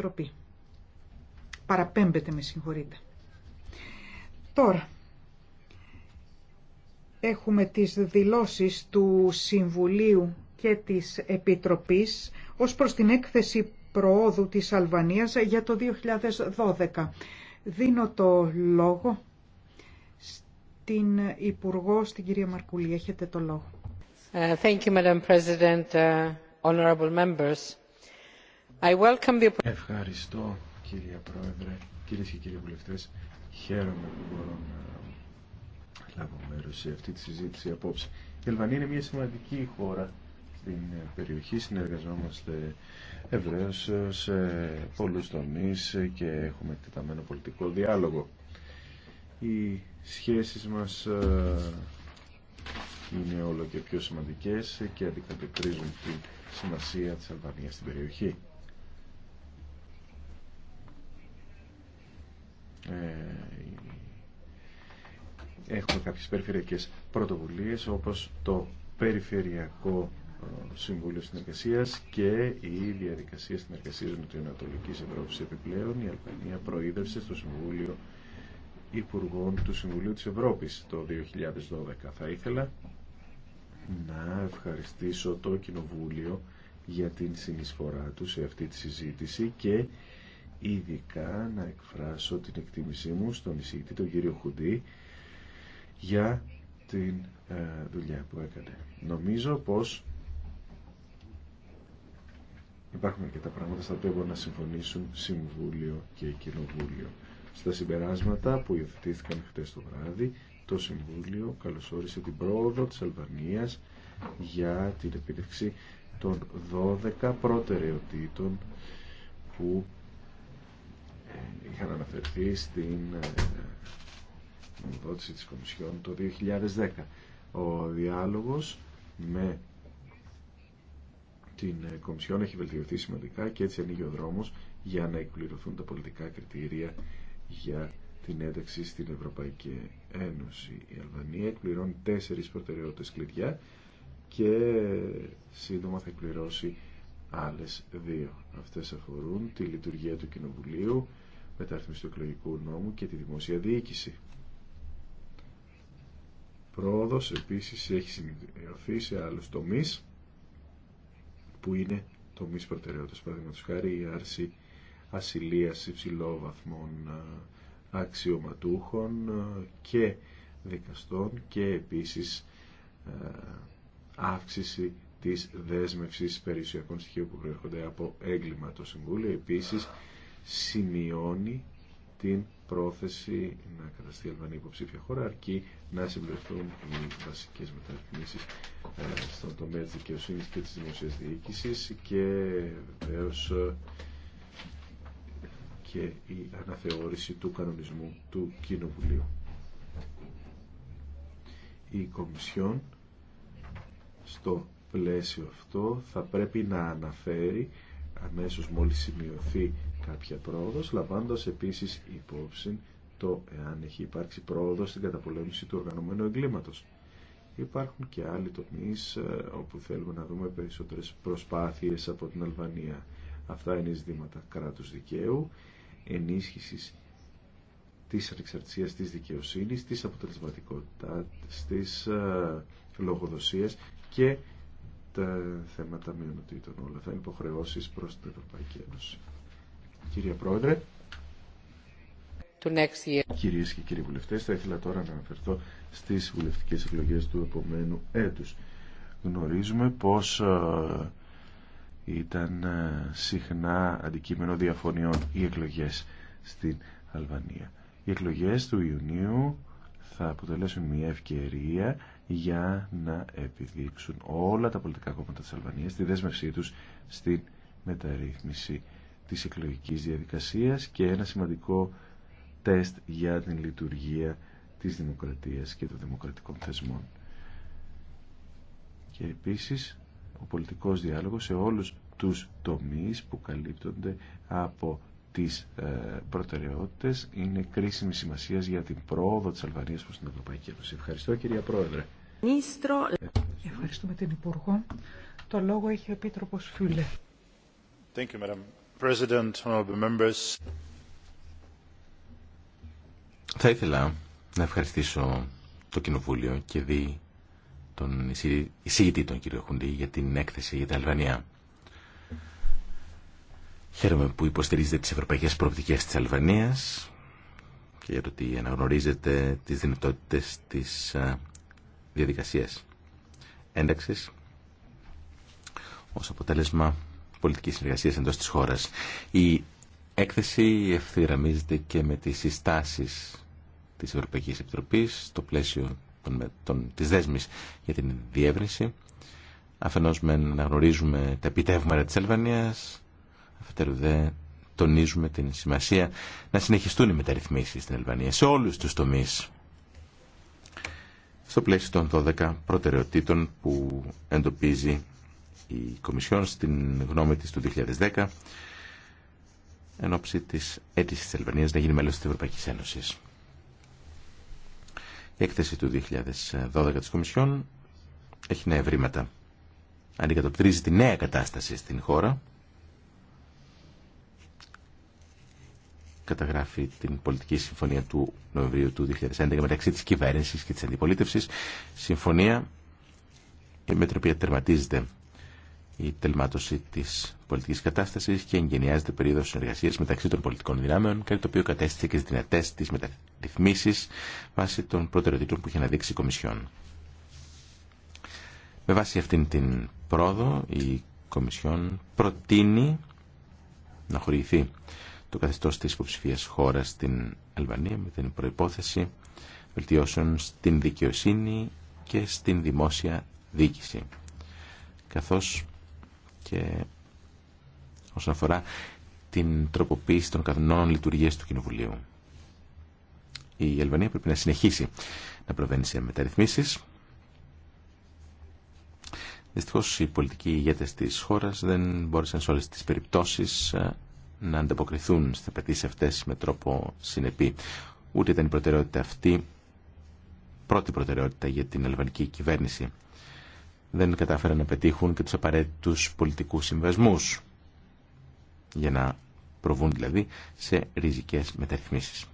τροπή. Παραπέμπεται, με συγχωρείτε. Τώρα, έχουμε τις δηλώσεις του Συμβουλίου και της Επιτροπής ως προς την έκθεση προόδου της Αλβανίας για το 2012. Δίνω το λόγο στην Υπουργό, στην κυρία Μαρκουλή. Έχετε το λόγο. Uh, thank you, Madam President, uh, honorable members. Ευχαριστώ κύριε Πρόεδρε, κυρίε και κύριοι βουλευτέ. Χαίρομαι που μπορώ να λάβω μέρο σε αυτή τη συζήτηση απόψε. Η Αλβανία είναι μια σημαντική χώρα στην ε, περιοχή. Συνεργαζόμαστε ευρέω ε, σε πολλού τομεί ε, και έχουμε εκτεταμένο πολιτικό διάλογο. Οι σχέσεις μας είναι όλο και πιο σημαντικές και αντικατοπτρίζουν τη σημασία της Αλβανίας στην περιοχή. Ε, έχουμε κάποιες περιφερειακές πρωτοβουλίες όπως το Περιφερειακό ε, Συμβούλιο Συνεργασία και η διαδικασία την Νοτιοανατολικής Ευρώπη επιπλέον η Αλβανία προείδευσε στο Συμβούλιο Υπουργών του Συμβουλίου της Ευρώπης το 2012. Θα ήθελα να ευχαριστήσω το Κοινοβούλιο για την συνεισφορά του σε αυτή τη συζήτηση και ειδικά να εκφράσω την εκτίμησή μου στον εισηγητή τον κύριο Χουντή για την ε, δουλειά που έκανε. Νομίζω πως υπάρχουν τα πράγματα στα οποία μπορούν να συμφωνήσουν Συμβούλιο και Κοινοβούλιο. Στα συμπεράσματα που υιοθετήθηκαν χτες το βράδυ, το Συμβούλιο καλωσόρισε την πρόοδο της Αλβανίας για την επίτευξη των 12 προτεραιοτήτων που αναφερθεί στην ε, νομοδότηση της Κομισιόν το 2010. Ο διάλογος με την ε, Κομισιόν έχει βελτιωθεί σημαντικά και έτσι ανοίγει ο δρόμος για να εκπληρωθούν τα πολιτικά κριτήρια για την ένταξη στην Ευρωπαϊκή Ένωση. Η Αλβανία εκπληρώνει τέσσερις προτεραιότητες κλειδιά και σύντομα θα εκπληρώσει άλλες δύο. Αυτές αφορούν τη λειτουργία του Κοινοβουλίου, μεταρρύθμιση του εκλογικού νόμου και τη δημόσια διοίκηση. Πρόοδος επίσης έχει συνδυαθεί σε άλλους τομείς που είναι τομείς προτεραιότητας. παραδείγματο χάρη η άρση ασυλίας υψηλόβαθμων ε, αξιωματούχων ε, και δικαστών και επίσης ε, αύξηση της δέσμευσης περιουσιακών στοιχείων που προέρχονται από έγκλημα το Συμβούλιο. Επίσης σημειώνει την πρόθεση να καταστεί η Αλβανία υποψήφια χώρα αρκεί να συμπληρωθούν οι βασικές μεταρρυθμίσεις ε, στον τομέα της δικαιοσύνης και της δημοσίας διοίκησης και βεβαίω ε, και η αναθεώρηση του κανονισμού του Κοινοβουλίου. Η Κομισιόν στο πλαίσιο αυτό θα πρέπει να αναφέρει αμέσως μόλις σημειωθεί κάποια πρόοδος, λαμβάνοντας επίσης υπόψη το εάν έχει υπάρξει πρόοδος στην καταπολέμηση του οργανωμένου εγκλήματος. Υπάρχουν και άλλοι τομείς ε, όπου θέλουμε να δούμε περισσότερες προσπάθειες από την Αλβανία. Αυτά είναι ζητήματα κράτους δικαίου, ενίσχυσης της ανεξαρτησίας της δικαιοσύνης, της αποτελεσματικότητας, της ε, λογοδοσίας και τα θέματα μειονοτήτων. Όλα θα είναι υποχρεώσεις προς την Ευρωπαϊκή Ένωση κύριε Πρόεδρε. Κυρίε και κύριοι βουλευτέ, θα ήθελα τώρα να αναφερθώ στι βουλευτικέ εκλογέ του επόμενου έτου. Γνωρίζουμε πω ε, ήταν ε, συχνά αντικείμενο διαφωνιών οι εκλογέ στην Αλβανία. Οι εκλογέ του Ιουνίου θα αποτελέσουν μια ευκαιρία για να επιδείξουν όλα τα πολιτικά κόμματα της Αλβανίας τη δέσμευσή τους στην μεταρρύθμιση της εκλογικής διαδικασίας και ένα σημαντικό τεστ για την λειτουργία της δημοκρατίας και των δημοκρατικών θεσμών. Και επίσης ο πολιτικός διάλογος σε όλους τους τομείς που καλύπτονται από τις ε, προτεραιότητες είναι κρίσιμη σημασία για την πρόοδο της Αλβανίας προς την Ευρωπαϊκή Ένωση. Ευχαριστώ κυρία Πρόεδρε. Ε, Ευχαριστούμε την Υπουργό. Το λόγο έχει ο Επίτροπος Φιούλε. Thank θα ήθελα να ευχαριστήσω το Κοινοβούλιο και δι τον εισηγητή τον κύριο Χουντή για την έκθεση για την Αλβανία. Χαίρομαι που υποστηρίζετε τις ευρωπαϊκές προοπτικές της Αλβανίας και για το ότι αναγνωρίζετε τις δυνατότητες της διαδικασίας ένταξης ως αποτέλεσμα πολιτικής συνεργασίας εντός της χώρας. Η έκθεση ευθυραμίζεται και με τις συστάσεις της Ευρωπαϊκής Επιτροπής στο πλαίσιο των, δέσμη της δέσμης για την διεύρυνση. Αφενός με να γνωρίζουμε τα επιτεύγματα της Αλβανίας, αφετέρου δε τονίζουμε την σημασία να συνεχιστούν οι μεταρρυθμίσεις στην Αλβανία σε όλους τους τομείς στο πλαίσιο των 12 προτεραιοτήτων που εντοπίζει η Κομισιόν στην γνώμη της του 2010 εν ώψη της αίτησης της Αλβανίας να γίνει μέλος της Ευρωπαϊκής Ένωσης. Η έκθεση του 2012 της Κομισιόν έχει νέα ευρήματα. Αντικατοπτρίζει τη νέα κατάσταση στην χώρα. Καταγράφει την πολιτική συμφωνία του Νοεμβρίου του 2011 μεταξύ της κυβέρνησης και της αντιπολίτευσης. Συμφωνία με την οποία τερματίζεται η τελμάτωση τη πολιτική κατάσταση και εγγενιάζεται περίοδο συνεργασία μεταξύ των πολιτικών δυνάμεων, κάτι το οποίο κατέστησε και τι δυνατέ τη μεταρρυθμίσει βάσει των προτεραιοτήτων που είχε αναδείξει η Κομισιόν. Με βάση αυτήν την πρόοδο, η Κομισιόν προτείνει να χορηγηθεί το καθεστώ τη υποψηφία χώρα στην Αλβανία με την προπόθεση βελτιώσεων στην δικαιοσύνη και στην δημόσια δίκηση καθώς και όσον αφορά την τροποποίηση των κανόνων λειτουργίας του Κοινοβουλίου. Η Αλβανία πρέπει να συνεχίσει να προβαίνει σε μεταρρυθμίσεις. Δυστυχώς οι πολιτικοί ηγέτες της χώρας δεν μπόρεσαν σε όλες τις περιπτώσεις ε, να ανταποκριθούν στι απαιτήσει αυτέ με τρόπο συνεπή. Ούτε ήταν η προτεραιότητα αυτή πρώτη προτεραιότητα για την αλβανική κυβέρνηση δεν κατάφεραν να πετύχουν και τους απαραίτητους πολιτικούς συμβασμούς για να προβούν δηλαδή σε ριζικές μεταρρυθμίσεις.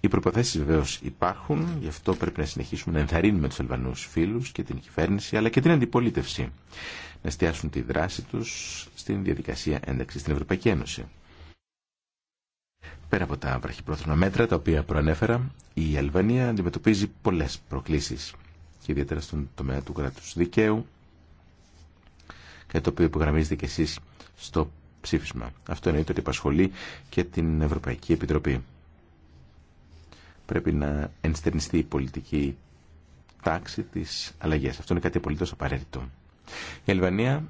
Οι προποθέσει βεβαίω υπάρχουν, γι' αυτό πρέπει να συνεχίσουμε να ενθαρρύνουμε του Αλβανού φίλου και την κυβέρνηση αλλά και την αντιπολίτευση να εστιάσουν τη δράση του στην διαδικασία ένταξη στην Ευρωπαϊκή Ένωση. Πέρα από τα βραχυπρόθεσμα μέτρα τα οποία προανέφερα, η Αλβανία αντιμετωπίζει πολλές προκλήσεις και ιδιαίτερα στον τομέα του κράτους δικαίου και το οποίο υπογραμμίζετε κι στο ψήφισμα. Αυτό εννοείται ότι απασχολεί και την Ευρωπαϊκή Επιτροπή. Πρέπει να ενστερνιστεί η πολιτική τάξη της αλλαγή. Αυτό είναι κάτι απολύτως απαραίτητο. Η Αλβανία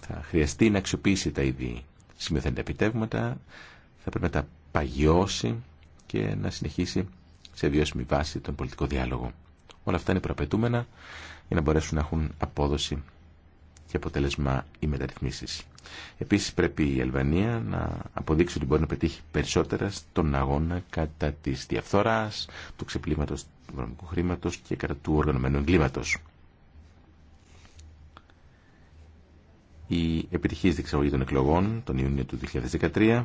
θα χρειαστεί να αξιοποιήσει τα ήδη σημειωθέντα επιτεύγματα, θα πρέπει να τα παγιώσει και να συνεχίσει σε βιώσιμη βάση τον πολιτικό διάλογο. Όλα αυτά είναι προαπαιτούμενα για να μπορέσουν να έχουν απόδοση και αποτέλεσμα οι μεταρρυθμίσει. Επίση, πρέπει η Αλβανία να αποδείξει ότι μπορεί να πετύχει περισσότερα στον αγώνα κατά τη διαφθορά, του ξεπλήματο του οικονομικού χρήματο και κατά του οργανωμένου εγκλήματο. Η επιτυχής διεξαγωγή των εκλογών τον Ιούνιο του 2013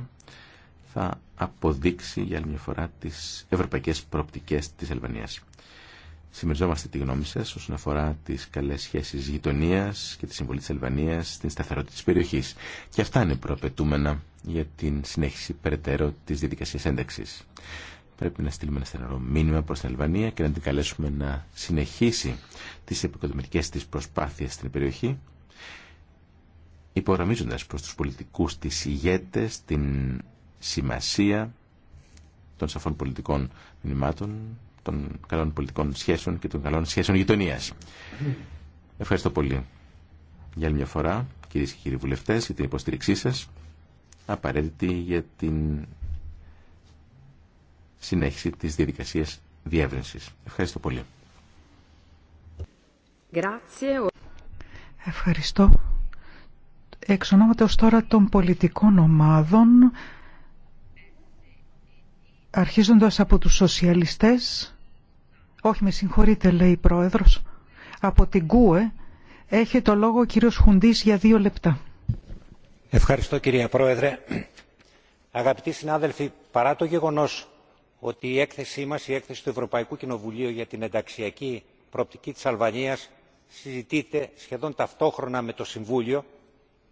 θα αποδείξει για άλλη μια φορά τις ευρωπαϊκές προοπτικές της Αλβανία. Συμμεριζόμαστε τη γνώμη σα όσον αφορά τι καλέ σχέσει γειτονία και τη συμβολή τη Αλβανία στην σταθερότητα τη περιοχή. Και αυτά είναι προαπαιτούμενα για την συνέχιση περαιτέρω τη διαδικασία ένταξη. Πρέπει να στείλουμε ένα στεναρό μήνυμα προ την Αλβανία και να την καλέσουμε να συνεχίσει τι επικοδομητικέ της προσπάθειε στην περιοχή υπογραμμίζοντα προ του πολιτικού τη ηγέτε, την σημασία των σαφών πολιτικών μηνυμάτων, των καλών πολιτικών σχέσεων και των καλών σχέσεων γειτονία. Ευχαριστώ πολύ για άλλη μια φορά, κυρίε και κύριοι βουλευτέ, για την υποστήριξή σα, απαραίτητη για την συνέχιση της διαδικασίας διεύρυνσης. Ευχαριστώ πολύ. Ευχαριστώ. Εξ ονόματος τώρα των πολιτικών ομάδων αρχίζοντας από τους σοσιαλιστές, όχι με συγχωρείτε λέει η Πρόεδρος, από την ΚΟΕ έχει το λόγο ο κύριος Χουντής για δύο λεπτά. Ευχαριστώ κυρία Πρόεδρε. Αγαπητοί συνάδελφοι, παρά το γεγονός ότι η έκθεσή μας, η έκθεση του Ευρωπαϊκού Κοινοβουλίου για την ενταξιακή προοπτική της Αλβανίας συζητείται σχεδόν ταυτόχρονα με το Συμβούλιο,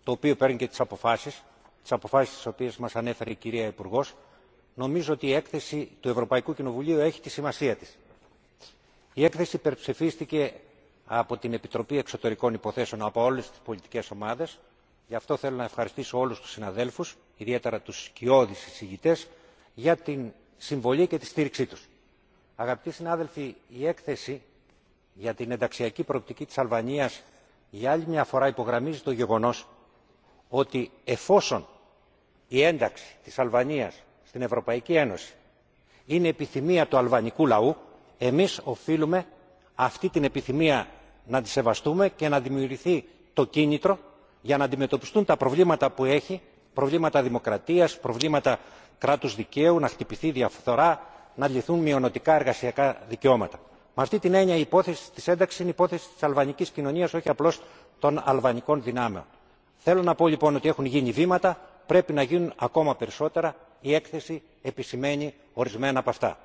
το οποίο παίρνει και τις αποφάσεις, τις αποφάσεις τις οποίες μας ανέφερε η κυρία Υπουργός, νομίζω ότι η έκθεση του ευρωπαϊκού κοινοβουλίου έχει τη σημασία της. η έκθεση υπερψηφίστηκε από την επιτροπή εξωτερικών υποθέσεων από όλες τις πολιτικές ομάδες γι' αυτό θέλω να ευχαριστήσω όλους τους συναδέλφους ιδιαίτερα τους σκιώδεις συζητητές, για την συμβολή και τη στήριξή τους. αγαπητοί συνάδελφοι η έκθεση για την ενταξιακή προοπτική της αλβανίας για άλλη μια φορά υπογραμμίζει το γεγονός ότι εφόσον η ένταξη της αλβανίας στην ευρωπαϊκή ένωση είναι επιθυμία του αλβανικού λαού εμείς οφείλουμε αυτή την επιθυμία να τη σεβαστούμε και να δημιουργηθεί το κίνητρο για να αντιμετωπιστούν τα προβλήματα που έχει προβλήματα δημοκρατίας προβλήματα κράτους δικαίου να χτυπηθεί διαφθορά να λυθούν μειωνοτικά εργασιακά δικαιώματα. με αυτή την έννοια η υπόθεση της ένταξης είναι υπόθεση της αλβανικής κοινωνίας όχι απλώς των αλβανικών δυνάμεων. θέλω να πω λοιπόν ότι έχουν γίνει βήματα πρέπει να γίνουν ακόμα περισσότερα η έκθεση επισημαίνει ορισμένα από αυτά.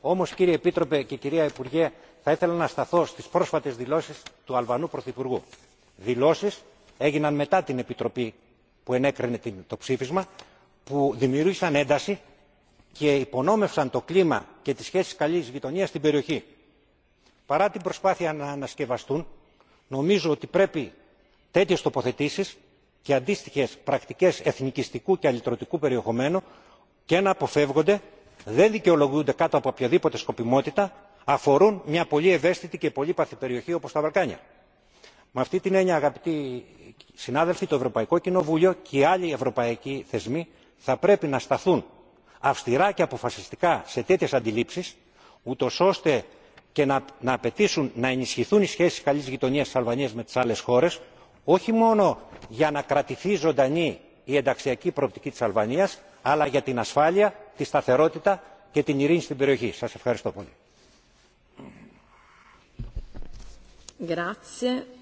όμω κύριε επίτροπε και κυρία υπουργέ θα ήθελα να σταθώ στι πρόσφατε δηλώσει του αλβανού πρωθυπουργού. δηλώσει έγιναν μετά την επιτροπή που ενέκρινε το ψήφισμα που δημιούργησαν ένταση και υπονόμευσαν το κλίμα και τι σχέσει καλή γειτονία στην περιοχή. παρά την προσπάθεια να ανασκευαστούν νομίζω ότι πρέπει τέτοιε τοποθετήσει και αντίστοιχε πρακτικέ εθνικιστικού και αλυτρωτικού περιεχομένου και να αποφεύγονται δεν δικαιολογούνται κάτω από οποιαδήποτε σκοπιμότητα αφορούν μια πολύ ευαίσθητη και πολύ πάθη περιοχή όπω τα βαλκάνια. με αυτή την έννοια αγαπητοί συνάδελφοι το ευρωπαϊκό κοινοβούλιο και οι άλλοι ευρωπαϊκοί θεσμοί θα πρέπει να σταθούν αυστηρά και αποφασιστικά σε τέτοιε αντιλήψει ούτω ώστε και να απαιτήσουν να ενισχυθούν οι σχέσει καλή γειτονία τη αλβανία με τι άλλε χώρε όχι μόνο για να κρατηθεί ζωντανή η ενταξιακή προοπτική της αλβανίας αλλά για την ασφάλεια τη σταθερότητα και την ειρήνη στην περιοχή. σας ευχαριστώ πολύ.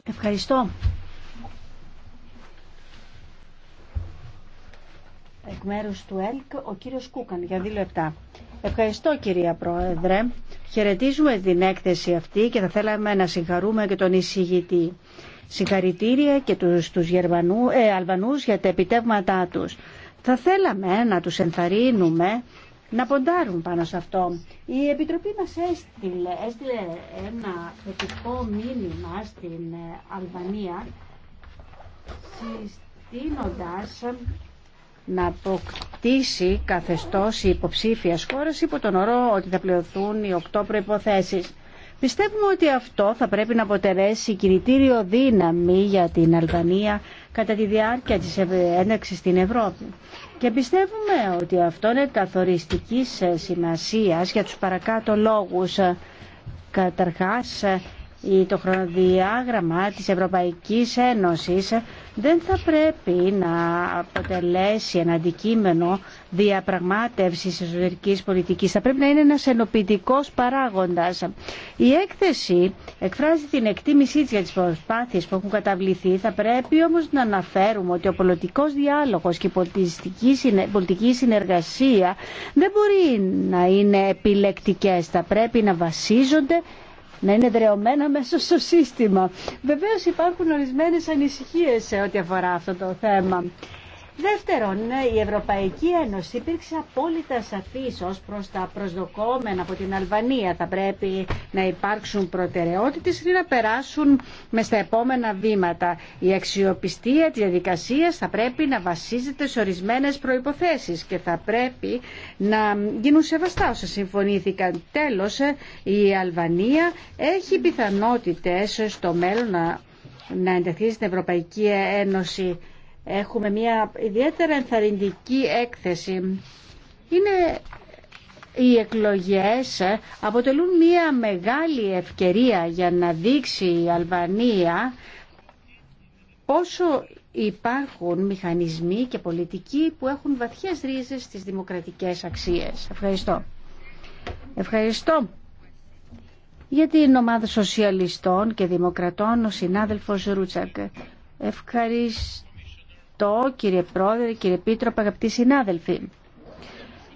Ευχαριστώ. Εκ μέρους του ΕΛΚ, ο κύριος Κούκαν, για δύο λεπτά. Ευχαριστώ κυρία Πρόεδρε. Χαιρετίζουμε την έκθεση αυτή και θα θέλαμε να συγχαρούμε και τον εισηγητή. Συγχαρητήρια και τους, τους ε, Αλβανούς για τα επιτεύγματά τους. Θα θέλαμε να τους ενθαρρύνουμε να ποντάρουν πάνω σε αυτό. Η Επιτροπή μας έστειλε, ένα θετικό μήνυμα στην ε, Αλβανία συστήνοντας να αποκτήσει καθεστώς υποψήφιας χώρας υπό τον ορό ότι θα πληρωθούν οι οκτώ προϋποθέσεις. Πιστεύουμε ότι αυτό θα πρέπει να αποτελέσει κινητήριο δύναμη για την Αλβανία κατά τη διάρκεια της ένταξης στην Ευρώπη. Και πιστεύουμε ότι αυτό είναι καθοριστικής σημασίας για τους παρακάτω λόγους. Καταρχάς, το χρονοδιάγραμμα της Ευρωπαϊκής Ένωσης δεν θα πρέπει να αποτελέσει ένα αντικείμενο διαπραγμάτευσης εσωτερικής πολιτικής. Θα πρέπει να είναι ένας ενοπητικός παράγοντας. Η έκθεση εκφράζει την εκτίμησή της για τις προσπάθειες που έχουν καταβληθεί. Θα πρέπει όμως να αναφέρουμε ότι ο πολιτικός διάλογος και η πολιτική συνεργασία δεν μπορεί να είναι επιλεκτικές. Θα πρέπει να βασίζονται να είναι δρεωμένα μέσα στο σύστημα. Βεβαίως υπάρχουν ορισμένες ανησυχίες σε ό,τι αφορά αυτό το θέμα. Δεύτερον, ναι, η Ευρωπαϊκή Ένωση υπήρξε απόλυτα σαφής ως προς τα προσδοκόμενα από την Αλβανία. Θα πρέπει να υπάρξουν προτεραιότητες ή να περάσουν με στα επόμενα βήματα. Η αξιοπιστία της διαδικασία θα πρέπει να βασίζεται σε ορισμένες προϋποθέσεις και θα πρέπει να γίνουν σεβαστά όσα συμφωνήθηκαν. Τέλος, η Αλβανία έχει πιθανότητες στο μέλλον να, να εντεθεί στην Ευρωπαϊκή Ένωση Έχουμε μια ιδιαίτερα ενθαρρυντική έκθεση. Είναι οι εκλογές αποτελούν μια μεγάλη ευκαιρία για να δείξει η Αλβανία πόσο υπάρχουν μηχανισμοί και πολιτικοί που έχουν βαθιές ρίζες στις δημοκρατικές αξίες. Ευχαριστώ. Ευχαριστώ. Για την ομάδα σοσιαλιστών και δημοκρατών ο συνάδελφος Ρούτσακ. Ευχαριστώ το κύριε Πρόεδρε, κύριε Πίτρο, αγαπητοί συνάδελφοι.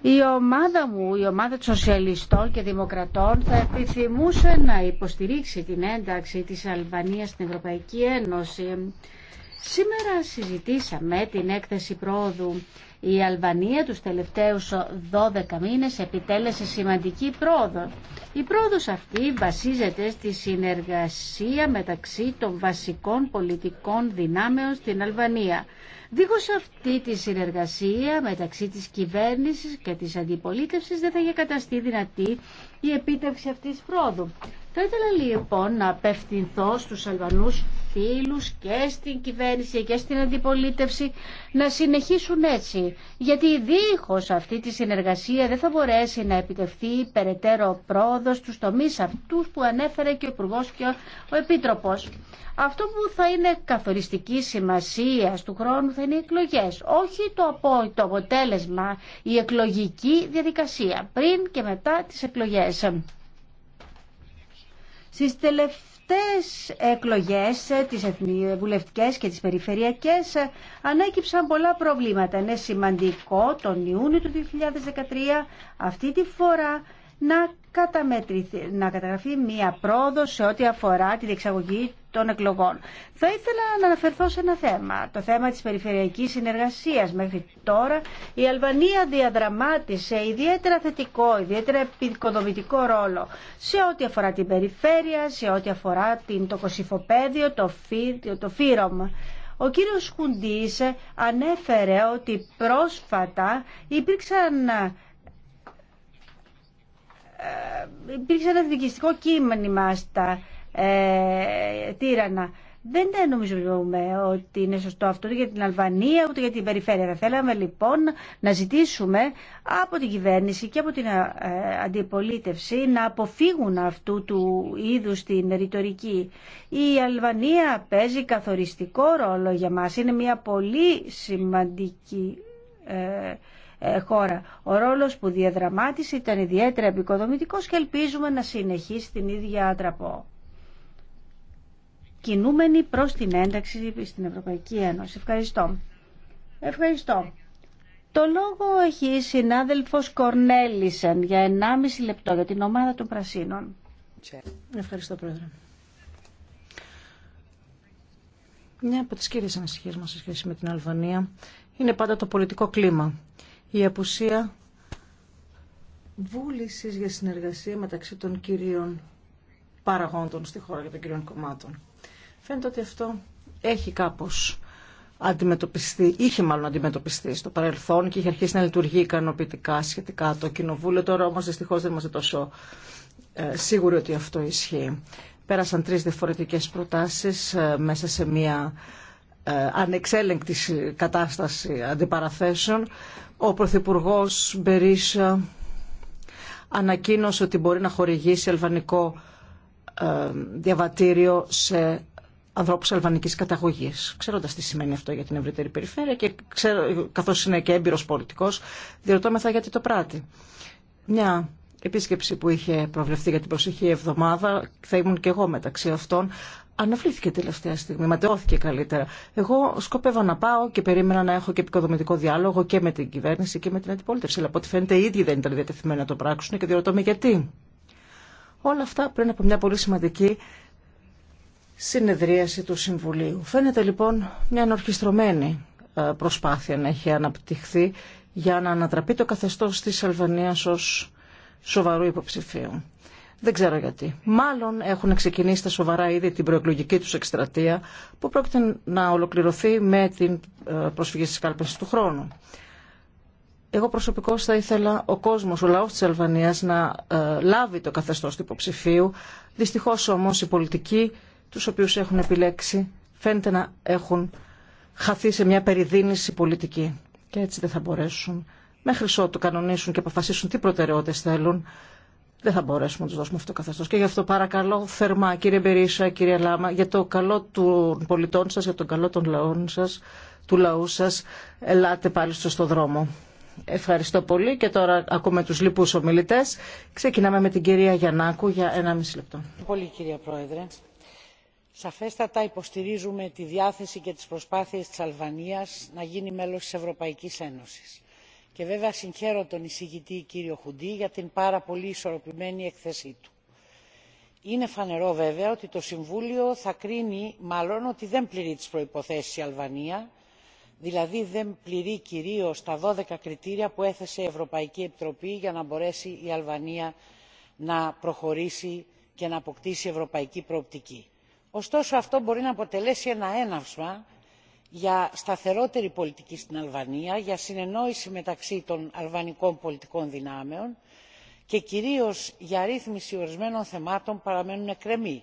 Η ομάδα μου, η ομάδα των Σοσιαλιστών και Δημοκρατών θα επιθυμούσε να υποστηρίξει την ένταξη της Αλβανίας στην Ευρωπαϊκή Ένωση. Σήμερα συζητήσαμε την έκθεση πρόοδου η Αλβανία τους τελευταίους 12 μήνες επιτέλεσε σημαντική πρόοδο. Η πρόοδος αυτή βασίζεται στη συνεργασία μεταξύ των βασικών πολιτικών δυνάμεων στην Αλβανία. Δίχως αυτή τη συνεργασία μεταξύ της κυβέρνησης και της αντιπολίτευσης δεν θα είχε καταστεί δυνατή η επίτευξη αυτής πρόοδου. Θα ήθελα λοιπόν να απευθυνθώ στους Αλβανούς φίλους και στην κυβέρνηση και στην αντιπολίτευση να συνεχίσουν έτσι. Γιατί δίχως αυτή τη συνεργασία δεν θα μπορέσει να επιτευχθεί περαιτέρω πρόοδος στους τομείς αυτούς που ανέφερε και ο υπουργό και ο Επίτροπος. Αυτό που θα είναι καθοριστική σημασία του χρόνου θα είναι οι εκλογές, όχι το, απο, το αποτέλεσμα, η εκλογική διαδικασία πριν και μετά τις εκλογές. Στις τελευταίες εκλογές, ε, τις βουλευτικές και τις περιφερειακές, ε, ανέκυψαν πολλά προβλήματα. Είναι σημαντικό τον Ιούνιο του 2013 αυτή τη φορά να, να καταγραφεί μία πρόοδο σε ό,τι αφορά τη διεξαγωγή θα ήθελα να αναφερθώ σε ένα θέμα, το θέμα της περιφερειακής συνεργασίας. Μέχρι τώρα η Αλβανία διαδραμάτισε ιδιαίτερα θετικό, ιδιαίτερα επικοδομητικό ρόλο σε ό,τι αφορά την περιφέρεια, σε ό,τι αφορά την, το κοσυφοπαίδιο, το, φύ, το Ο κύριος Χουντής ανέφερε ότι πρόσφατα υπήρξαν ε, υπήρξε ένα δικηστικό κείμενο στα ε, τύρανα. Δεν νομίζουμε ότι είναι σωστό αυτό για την Αλβανία ούτε για την περιφέρεια. Θα θέλαμε λοιπόν να ζητήσουμε από την κυβέρνηση και από την ε, αντιπολίτευση να αποφύγουν αυτού του είδου την ρητορική. Η Αλβανία παίζει καθοριστικό ρόλο για μας. Είναι μια πολύ σημαντική ε, ε, χώρα. Ο ρόλος που διαδραμάτισε ήταν ιδιαίτερα επικοδομητικός και ελπίζουμε να συνεχίσει την ίδια τραπό κινούμενοι προς την ένταξη στην Ευρωπαϊκή Ένωση. Ευχαριστώ. Ευχαριστώ. Το λόγο έχει η συνάδελφος Κορνέλισεν για 1,5 λεπτό για την ομάδα των Πρασίνων. Ευχαριστώ Πρόεδρε. Μια από τις κύριες ανησυχίες μας σε σχέση με την Αλβανία είναι πάντα το πολιτικό κλίμα. Η απουσία βούλησης για συνεργασία μεταξύ των κυρίων παραγόντων στη χώρα και των κυρίων κομμάτων. Φαίνεται ότι αυτό έχει κάπως αντιμετωπιστεί, είχε μάλλον αντιμετωπιστεί στο παρελθόν και είχε αρχίσει να λειτουργεί ικανοποιητικά σχετικά το κοινοβούλιο. Τώρα όμως δυστυχώς δεν είμαστε τόσο ε, σίγουροι ότι αυτό ισχύει. Πέρασαν τρεις διαφορετικές προτάσεις ε, μέσα σε μια ε, ανεξέλεγκτη κατάσταση αντιπαραθέσεων. Ο Πρωθυπουργό Μπερίσα ανακοίνωσε ότι μπορεί να χορηγήσει αλβανικό διαβατήριο σε Ανθρώπου Αλβανική καταγωγή. ξέροντα τι σημαίνει αυτό για την ευρύτερη περιφέρεια και καθώ είναι και έμπειρος πολιτικός, διερωτώμεθα γιατί το πράττει. Μια επίσκεψη που είχε προβλεφθεί για την προσεχή εβδομάδα, θα ήμουν και εγώ μεταξύ αυτών, αναβλήθηκε τελευταία στιγμή, ματαιώθηκε καλύτερα. Εγώ σκοπεύω να πάω και περίμενα να έχω και επικοδομητικό διάλογο και με την κυβέρνηση και με την αντιπολίτευση. Αλλά από ό,τι φαίνεται οι δεν ήταν διατεθειμένοι να το πράξουν και διερωτώ γιατί. Όλα αυτά πριν από μια πολύ σημαντική συνεδρίαση του Συμβουλίου. Φαίνεται λοιπόν μια ενορχιστρωμένη ε, προσπάθεια να έχει αναπτυχθεί για να ανατραπεί το καθεστώς της Αλβανίας ως σοβαρού υποψηφίου. Δεν ξέρω γιατί. Μάλλον έχουν ξεκινήσει τα σοβαρά ήδη την προεκλογική τους εκστρατεία που πρόκειται να ολοκληρωθεί με την ε, προσφυγή στις κάλπες του χρόνου. Εγώ προσωπικώ θα ήθελα ο κόσμος, ο λαός της Αλβανίας να ε, λάβει το καθεστώς του υποψηφίου. δυστυχώ όμω η πολιτική τους οποίους έχουν επιλέξει φαίνεται να έχουν χαθεί σε μια περιδίνηση πολιτική. Και έτσι δεν θα μπορέσουν, μέχρι ότου κανονίσουν και αποφασίσουν τι προτεραιότητες θέλουν, δεν θα μπορέσουμε να του δώσουμε αυτό το καθεστώ. Και γι' αυτό παρακαλώ θερμά, κύριε Μπερίσα, κύριε Λάμα, για το καλό των πολιτών σα, για το καλό των λαών σα, του λαού σα, ελάτε πάλι στο δρόμο. Ευχαριστώ πολύ και τώρα ακούμε του λοιπού ομιλητέ, Ξεκινάμε με την κυρία Γιαννάκου για ένα μισή λεπτό. Πολύ κυρία Πρόεδρε σαφέστατα υποστηρίζουμε τη διάθεση και τις προσπάθειες της αλβανίας να γίνει μέλος της ευρωπαϊκής ένωσης και βέβαια συγχαίρω τον εισηγητή κύριο χουντή για την πάρα πολύ ισορροπημένη έκθεσή του. είναι φανερό βέβαια ότι το συμβούλιο θα κρίνει μάλλον ότι δεν πληρεί τις προϋποθέσεις η αλβανία δηλαδή δεν πληρεί κυρίως τα δώδεκα κριτήρια που έθεσε η ευρωπαϊκή επιτροπή για να μπορέσει η αλβανία να προχωρήσει και να αποκτήσει ευρωπαϊκή προοπτική ωστόσο αυτό μπορεί να αποτελέσει ένα έναυσμα για σταθερότερη πολιτική στην αλβανία για συνεννόηση μεταξύ των αλβανικών πολιτικών δυνάμεων και κυρίως για ρύθμιση ορισμένων θεμάτων που παραμένουν εκκρεμή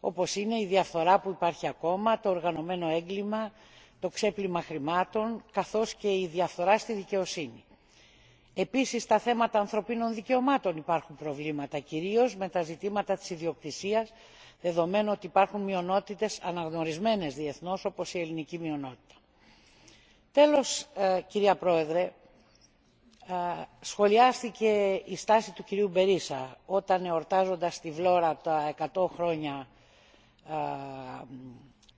όπως είναι η διαφθορά που υπάρχει ακόμα το οργανωμένο έγκλημα το ξέπλυμα χρημάτων καθώς και η διαφθορά στη δικαιοσύνη. επίσης στα θέματα ανθρωπίνων δικαιωμάτων υπάρχουν προβλήματα κυρίως με τα ζητήματα της ιδιοκτησίας δεδομένου ότι υπάρχουν μειονότητες αναγνωρισμένες διεθνώς όπως η ελληνική μειονότητα. τέλος ε, κυρία πρόεδρε ε, σχολιάστηκε η στάση του κυρίου μπερίσα όταν εορτάζοντας τη βλόρα τα 100 χρόνια ε,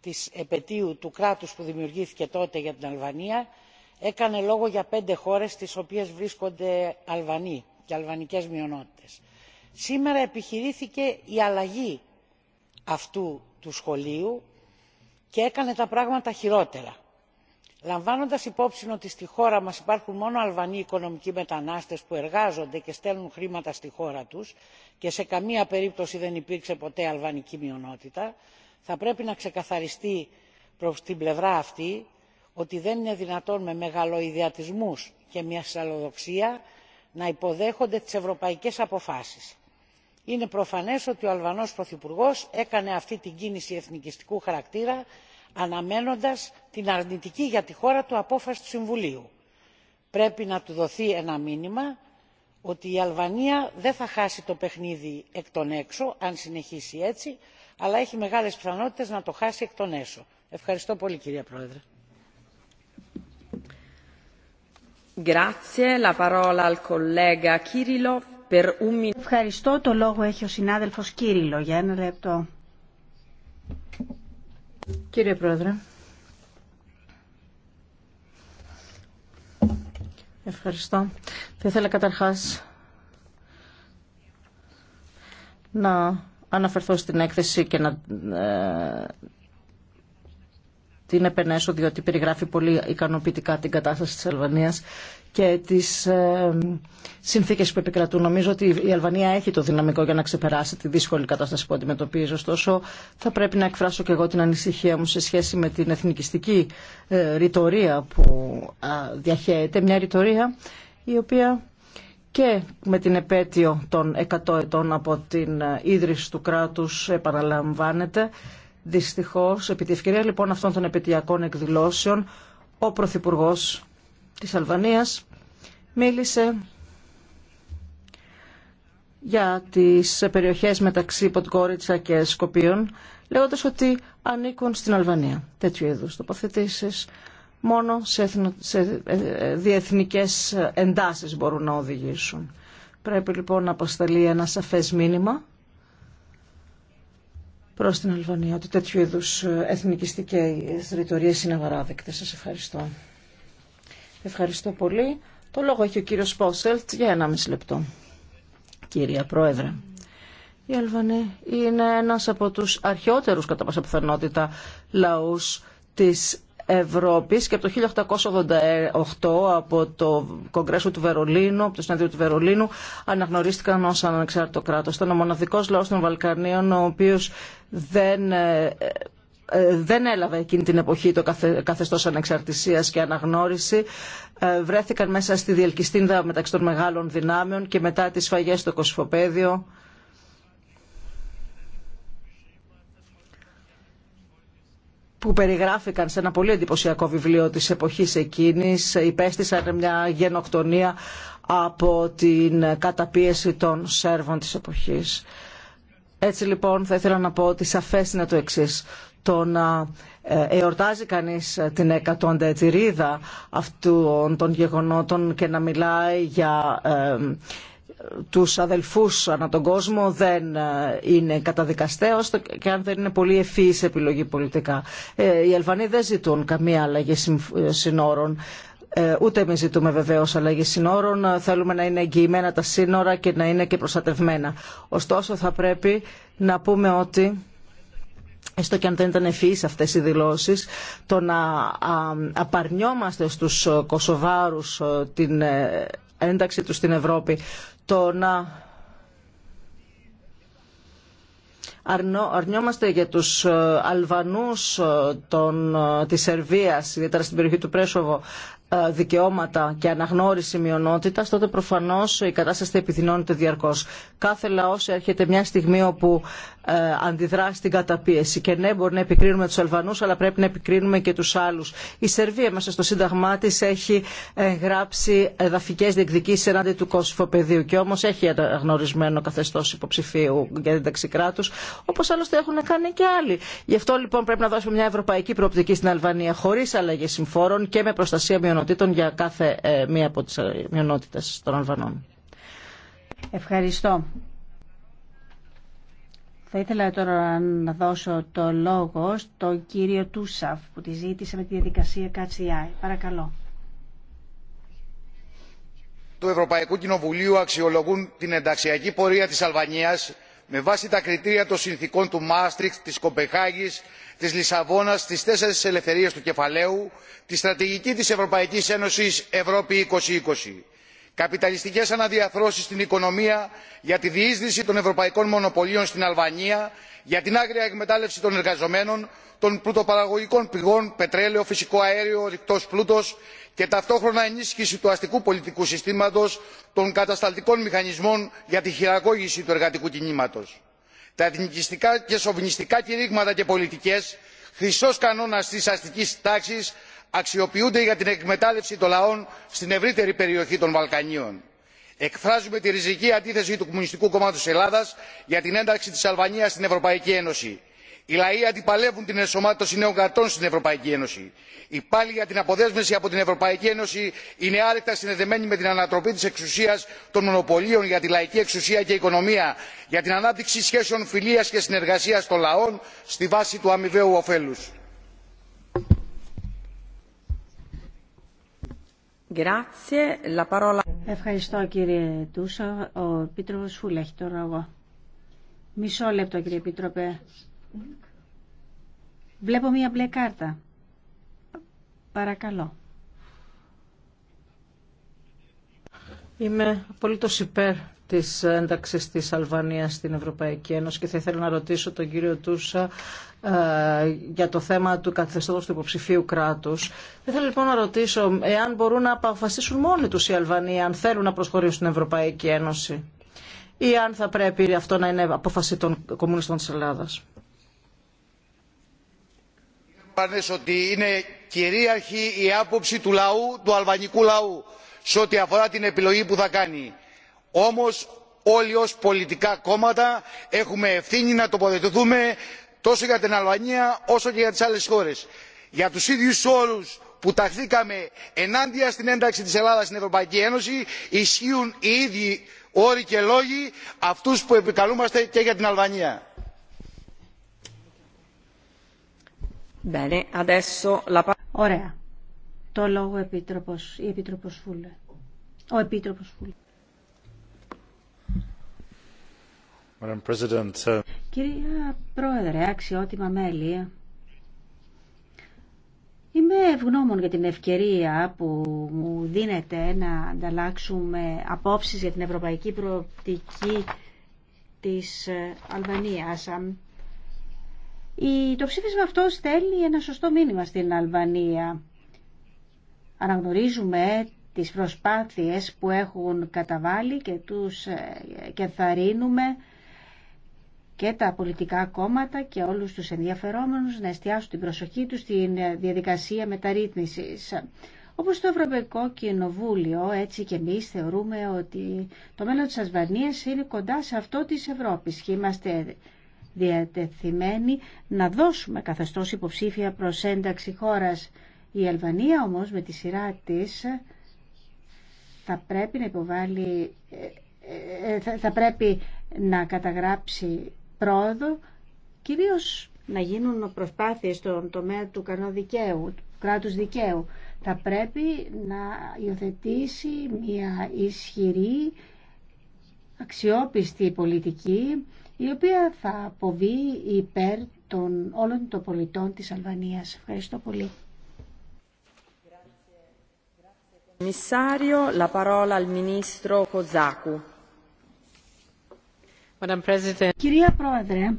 της επετείου του κράτους που δημιουργήθηκε τότε για την αλβανία έκανε λόγο για πέντε χώρες στις οποίες βρίσκονται αλβανοί και αλβανικές μειονότητες. σήμερα επιχειρήθηκε η αλλαγή αυτού του σχολείου και έκανε τα πράγματα χειρότερα. λαμβάνοντας υπόψη ότι στη χώρα μας υπάρχουν μόνο αλβανοί οικονομικοί μετανάστες που εργάζονται και στέλνουν χρήματα στη χώρα τους και σε καμία περίπτωση δεν υπήρξε ποτέ αλβανική μειονότητα θα πρέπει να ξεκαθαριστεί προς την πλευρά αυτή ότι δεν είναι δυνατόν με μεγαλοειδιατισμούς και μια μυσαλλοδοξία να υποδέχονται τις ευρωπαϊκές αποφάσεις είναι προφανές ότι ο αλβανός πρωθυπουργός έκανε αυτή την κίνηση εθνικιστικού χαρακτήρα αναμένοντας την αρνητική για τη χώρα του απόφαση του συμβουλίου. πρέπει να του δοθεί ένα μήνυμα ότι η αλβανία δεν θα χάσει το παιχνίδι εκ των έξω αν συνεχίσει έτσι αλλά έχει μεγάλες πιθανότητες να το χάσει εκ των έσω. ευχαριστώ πολύ κυρία πρόεδρε. Ευχαριστώ. Το λόγο έχει ο συνάδελφος Κύριλο για ένα λεπτό. Κύριε Πρόεδρε. Ευχαριστώ. Θα ήθελα καταρχάς να αναφερθώ στην έκθεση και να ε, την επενέσω διότι περιγράφει πολύ ικανοποιητικά την κατάσταση της Αλβανίας και τις ε, συνθήκες που επικρατούν. Νομίζω ότι η Αλβανία έχει το δυναμικό για να ξεπεράσει τη δύσκολη κατάσταση που αντιμετωπίζει. Ωστόσο, θα πρέπει να εκφράσω και εγώ την ανησυχία μου σε σχέση με την εθνικιστική ε, ρητορία που διαχέεται. Μια ρητορία η οποία και με την επέτειο των 100 ετών από την ε, ίδρυση του κράτους επαναλαμβάνεται. Δυστυχώς, επί τη ευκαιρία λοιπόν αυτών των επαιτειακών εκδηλώσεων, ο Πρωθυπουργός της Αλβανίας μίλησε για τις περιοχές μεταξύ Ποτκόριτσα και Σκοπίων λέγοντας ότι ανήκουν στην Αλβανία. Τέτοιου είδους τοποθετήσεις μόνο σε, εθνο, σε ε, ε, διεθνικές εντάσεις μπορούν να οδηγήσουν. Πρέπει λοιπόν να αποσταλεί ένα σαφές μήνυμα προς την Αλβανία ότι τέτοιου είδους εθνικιστικές ρητορίες είναι αγαράδεκτες. Σας ευχαριστώ. Ευχαριστώ πολύ. Το λόγο έχει ο κύριος Πόσελτ για 1,5 λεπτό. Κυρία Πρόεδρε. η Αλβανοί είναι ένας από τους αρχαιότερους κατά πάσα πιθανότητα λαούς της Ευρώπης και από το 1888 από το Κογκρέσο του Βερολίνου, από το Συνέδριο του Βερολίνου αναγνωρίστηκαν ως ανεξάρτητο κράτος. Ήταν ο μοναδικός λαός των Βαλκανίων ο οποίος δεν ε, ε, δεν έλαβε εκείνη την εποχή το καθεστώς ανεξαρτησίας και αναγνώριση ε, βρέθηκαν μέσα στη διελκυστίνδα μεταξύ των μεγάλων δυνάμεων και μετά τις σφαγές στο Κοσφοπέδιο που περιγράφηκαν σε ένα πολύ εντυπωσιακό βιβλίο της εποχής εκείνης υπέστησαν μια γενοκτονία από την καταπίεση των Σέρβων της εποχής. Έτσι λοιπόν θα ήθελα να πω ότι σαφές είναι το εξής το να ε, εορτάζει κανείς ε, την εκατοντετηρίδα αυτών των γεγονότων και να μιλάει για ε, τους αδελφούς ανά τον κόσμο δεν είναι καταδικαστέο και αν δεν είναι πολύ ευφύης επιλογή πολιτικά. Οι Αλβανοί δεν ζητούν καμία αλλαγή συνόρων. Ούτε εμεί ζητούμε βεβαίω αλλαγή συνόρων. Θέλουμε να είναι εγγυημένα τα σύνορα και να είναι και προστατευμένα. Ωστόσο θα πρέπει να πούμε ότι έστω και αν δεν ήταν ευφυείς αυτές οι δηλώσεις, το να απαρνιόμαστε στους ε, Κωσοβάρους ε, την ε, ένταξη τους στην Ευρώπη, το να αρνιόμαστε για τους Αλβανούς τον της Σερβίας, ιδιαίτερα στην περιοχή του Πρέσοβο, ε, δικαιώματα και αναγνώριση μειονότητα, τότε προφανώ η κατάσταση θα επιδεινώνεται διαρκώ. Κάθε λαό έρχεται μια στιγμή όπου ε, αντιδρά στην καταπίεση. Και ναι, μπορεί να επικρίνουμε του Αλβανού, αλλά πρέπει να επικρίνουμε και του άλλου. Η Σερβία μέσα στο Σύνταγμά τη έχει ε, γράψει εδαφικέ διεκδικήσει ενάντια του πεδίου. και όμω έχει αναγνωρισμένο καθεστώ υποψηφίου για την ταξικράτου, όπω άλλωστε έχουν κάνει και άλλοι. Γι' αυτό λοιπόν πρέπει να δώσουμε μια ευρωπαϊκή προοπτική στην Αλβανία χωρί αλλαγέ συμφόρων και με προστασία μειονοτήτων για κάθε ε, μία από τις ε, μειονότητες των Αλβανών. Ευχαριστώ. Θα ήθελα τώρα να δώσω το λόγο στον κύριο Τούσαφ που τη ζήτησε με τη διαδικασία ΚΑΤΣΙΑΕ. Παρακαλώ. Του Ευρωπαϊκού Κοινοβουλίου αξιολογούν την ενταξιακή πορεία της Αλβανίας με βάση τα κριτήρια των συνθηκών του μάστριχτ της κοπενχάγης της λισαβόνας της τέσσερις ελευθερίας του κεφαλαίου τη στρατηγική της ευρωπαϊκής ένωσης ευρώπη. 2020» καπιταλιστικές αναδιαρθρώσεις στην οικονομία για τη διείσδυση των ευρωπαϊκών μονοπωλίων στην αλβανία για την άγρια εκμετάλλευση των εργαζομένων των πλουτοπαραγωγικών πηγών πετρέλαιο φυσικό αέριο ρηκτός πλούτος και ταυτόχρονα ενίσχυση του αστικού πολιτικού συστήματος των κατασταλτικών μηχανισμών για τη χειραγώγηση του εργατικού κινήματος. τα εθνικιστικά και σοβινιστικά κηρύγματα και πολιτικές χρυσός κανόνας της αστικής τάξης αξιοποιούνται για την εκμετάλλευση των λαών στην ευρύτερη περιοχή των βαλκανίων. εκφράζουμε τη ριζική αντίθεση του κομμουνιστικού κόμματος της ελλάδας για την ένταξη της αλβανίας στην ευρωπαϊκή ένωση. οι λαοί αντιπαλεύουν την ενσωμάτωση νέων κρατών στην ευρωπαϊκή ένωση. οι πάλι για την αποδέσμευση από την ευρωπαϊκή ένωση είναι άρρηκτα συνεδεμένοι με την ανατροπή της εξουσίας των μονοπωλίων για τη λαϊκή εξουσία και οικονομία για την ανάπτυξη σχέσεων φιλίας και συνεργασίας των λαών στη βάση του αμοιβαίου ωφέλου. Ευχαριστώ κύριε Τούσα. Ο Επίτροπος Φούλα έχει τώρα εγώ. Μισό λεπτό κύριε Επίτροπε. Βλέπω μία μπλε κάρτα. Παρακαλώ. Είμαι απολύτως υπέρ της ένταξης της Αλβανίας στην Ευρωπαϊκή Ένωση και θα ήθελα να ρωτήσω τον κύριο Τούσα ε, για το θέμα του καθεστώτος του υποψηφίου κράτους. Θέλω λοιπόν να ρωτήσω εάν μπορούν να αποφασίσουν μόνοι τους οι Αλβανοί αν θέλουν να προσχωρήσουν στην Ευρωπαϊκή Ένωση ή αν θα πρέπει αυτό να είναι απόφαση των κομμουνιστών της Ελλάδας. ότι είναι κυρίαρχη η άποψη του λαού, του αλβανικού λαού, σε ό,τι αφορά την επιλογή που θα κάνει. Όμως όλοι ως πολιτικά κόμματα έχουμε ευθύνη να τοποθετηθούμε τόσο για την αλβανία όσο και για τις άλλες χώρες. για τους ίδιους όρους που ταχθήκαμε ενάντια στην ένταξη της ελλάδας στην ευρωπαϊκή ένωση ισχύουν οι ίδιοι όροι και λόγοι αυτούς που επικαλούμαστε και για την αλβανία. Ωραία. Το λόγο Ο Επίτροπος Φούλε. Uh, Κυρία Πρόεδρε, αξιότιμα μέλη, είμαι ευγνώμων για την ευκαιρία που μου δίνεται να ανταλλάξουμε απόψεις για την ευρωπαϊκή προοπτική της ε, Αλβανίας. Το ψήφισμα αυτό στέλνει ένα σωστό μήνυμα στην Αλβανία. Αναγνωρίζουμε τις προσπάθειες που έχουν καταβάλει και, τους, ε, και και τα πολιτικά κόμματα και όλους τους ενδιαφερόμενους να εστιάσουν την προσοχή τους στην ε, διαδικασία μεταρρύθμισης. Όπως το Ευρωπαϊκό Κοινοβούλιο, έτσι και εμείς θεωρούμε ότι το μέλλον της Ασβανίας είναι κοντά σε αυτό της Ευρώπης και είμαστε διατεθειμένοι να δώσουμε καθεστώς υποψήφια προς ένταξη χώρας. Η Αλβανία όμως με τη σειρά της θα πρέπει να υποβάλει ε, ε, θα πρέπει να καταγράψει πρόοδο, κυρίως να γίνουν προσπάθειες στον τομέα του κανοδικαίου, του κράτους δικαίου. Θα πρέπει να υιοθετήσει μια ισχυρή, αξιόπιστη πολιτική, η οποία θα αποβεί υπέρ των όλων των πολιτών της Αλβανίας. Ευχαριστώ πολύ. Commissario, la parola al Ministro Κυρία Πρόεδρε,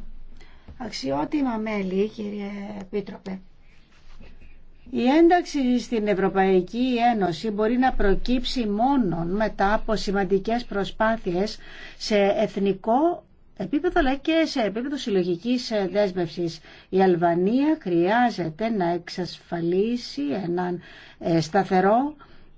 αξιότιμα μέλη, κύριε Επίτροπε, η ένταξη στην Ευρωπαϊκή Ένωση μπορεί να προκύψει μόνο μετά από σημαντικές προσπάθειες σε εθνικό επίπεδο αλλά και σε επίπεδο συλλογικής δέσμευσης. Η Αλβανία χρειάζεται να εξασφαλίσει έναν ε, σταθερό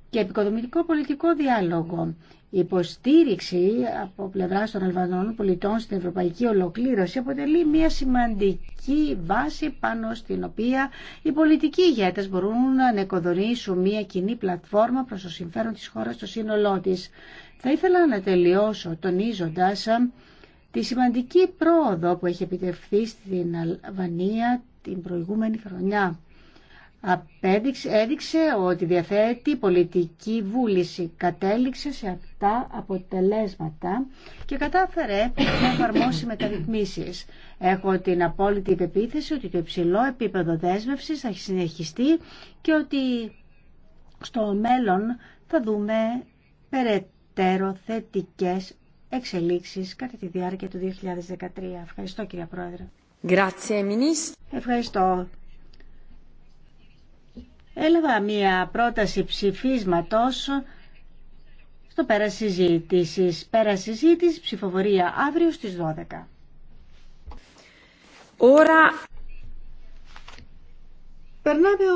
και επικοδομητικό πολιτικό διάλογο. Η υποστήριξη από πλευρά των Αλβανών πολιτών στην ευρωπαϊκή ολοκλήρωση αποτελεί μια σημαντική βάση πάνω στην οποία οι πολιτικοί ηγέτες μπορούν να ανεκοδορήσουν μια κοινή πλατφόρμα προς το συμφέρον της χώρας στο σύνολό της. Θα ήθελα να τελειώσω τονίζοντας ε, τη σημαντική πρόοδο που έχει επιτευχθεί στην Αλβανία την προηγούμενη χρονιά απέδειξε, έδειξε ότι διαθέτει πολιτική βούληση, κατέληξε σε αυτά αποτελέσματα και κατάφερε να εφαρμόσει μεταρρυθμίσεις. Έχω την απόλυτη υπεποίθηση ότι το υψηλό επίπεδο δέσμευσης θα έχει συνεχιστεί και ότι στο μέλλον θα δούμε περαιτέρω θετικές εξελίξεις κατά τη διάρκεια του 2013. Ευχαριστώ κυρία Πρόεδρε. Ευχαριστώ έλαβα μία πρόταση ψηφίσματος στο πέρα συζήτηση. Πέρα συζήτηση, ψηφοφορία αύριο στις 12. Ώρα... Περνάμε